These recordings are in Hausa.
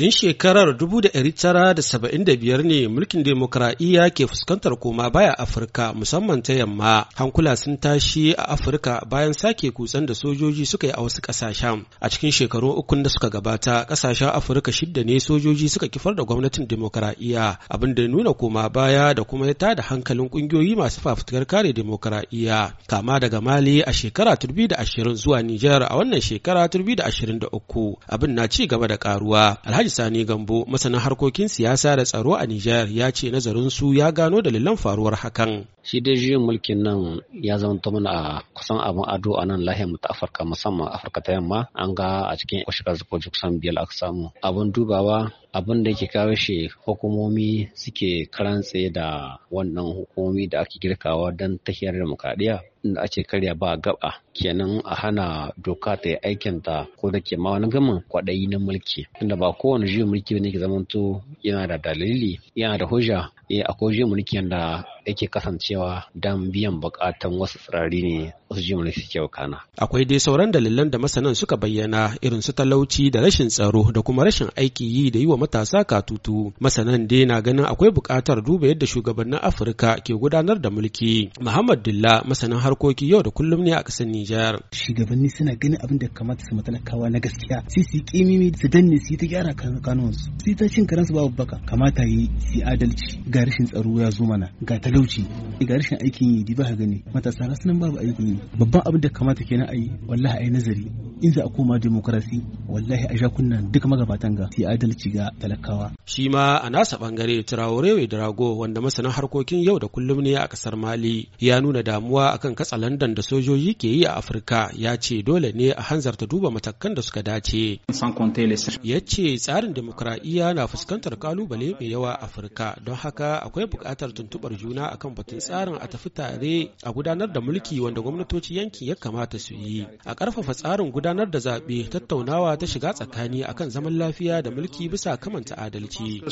Tun shekarar 1975 ne mulkin demokradiyya ke fuskantar koma baya Afirka musamman ta yamma. Hankula sun tashi a Afirka bayan sake kutsen da sojoji suka yi a wasu ƙasashen. A cikin shekaru ukun da suka gabata, ƙasashen Afirka shidda ne sojoji suka kifar da gwamnatin demokradiyya, abin da nuna koma baya da kuma ya tada hankalin ƙungiyoyi masu fafutukar kare demokradiyya. Kama daga Mali a shekara 2020 zuwa Nijar a wannan shekara 2023, abin na ci gaba da ƙaruwa. Alhaji Sani Gambo masanin harkokin siyasa da tsaro a Nijar ya ce nazarin su ya gano dalilan faruwar hakan. Shi dai juyin mulkin nan ya zama mana a kusan abin ado a nan lahiyar ta Afirka musamman Afirka ta yamma an ga a cikin kwashe zuko kusan biyar aka samu. Abin dubawa abin da ke kawo shi hukumomi suke karantse da wannan hukumomi da ake girkawa don tahiyar demokradiyya da ake karya ba gaba kenan a hana doka ta yi aikin ta ko da ke mawa wani gamin kwaɗayi na mulki Inda ba kowane juyin mulki ne ke zamanto yana da dalili yana da hujja eh akwai juyin mulki yanda yake kasancewa dan biyan bukatun wasu tsirari ne wasu juyin mulki suke wakana. Akwai dai sauran dalilan da masanan suka bayyana irin su talauci da rashin tsaro da kuma rashin aiki yi da yi wa matasa katutu. Masanan dai na ganin akwai bukatar duba yadda shugabannin Afirka ke gudanar da mulki. Muhammad Dilla masanan harkoki yau da kullum ne a kasar Nijar. Shugabanni suna ganin abin da kamata su matalakawa na gaskiya sai su yi kimimi su danne su yi ta gyara kanuwansu su ta cin karansu babu baka kamata yi su adalci ga rashin tsaro ya zo mana ga talauci ga rashin aikin yi ba ka gani matasa rasu nan babu aikin yi babban abin da kamata kenan a yi wallahi a yi nazari in za a koma demokarasi wallahi a jakunan duk magabatan ga fi adalci ga talakawa shi ma a nasa bangare Traore Drago wanda masanin harkokin yau da kullum ne a kasar Mali ya nuna damuwa akan katsa katsalandan da sojoji ke yi a Afirka ya ce dole ne a hanzarta duba matakan da suka dace ya ce tsarin demokradiyya na fuskantar kalubale mai yawa a Afirka don haka akwai buƙatar tuntuɓar juna akan batun tsarin a tafi tare a gudanar da mulki wanda gwamnatoci yankin ya kamata su yi a ƙarfafa tsarin gudanar gudanar da zaɓe tattaunawa ta shiga tsakani akan zaman lafiya da mulki bisa kamanta adalci.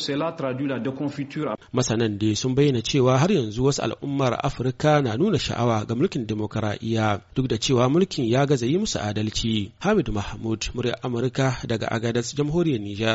Masanan dai sun bayyana cewa har yanzu wasu al'ummar Afirka na nuna sha'awa ga mulkin demokaraɗiyya duk da cewa mulkin ya gaza yi musu adalci. Hamid Mahmud, murya Amurka daga Agadez, Jamhuriyar Nijar.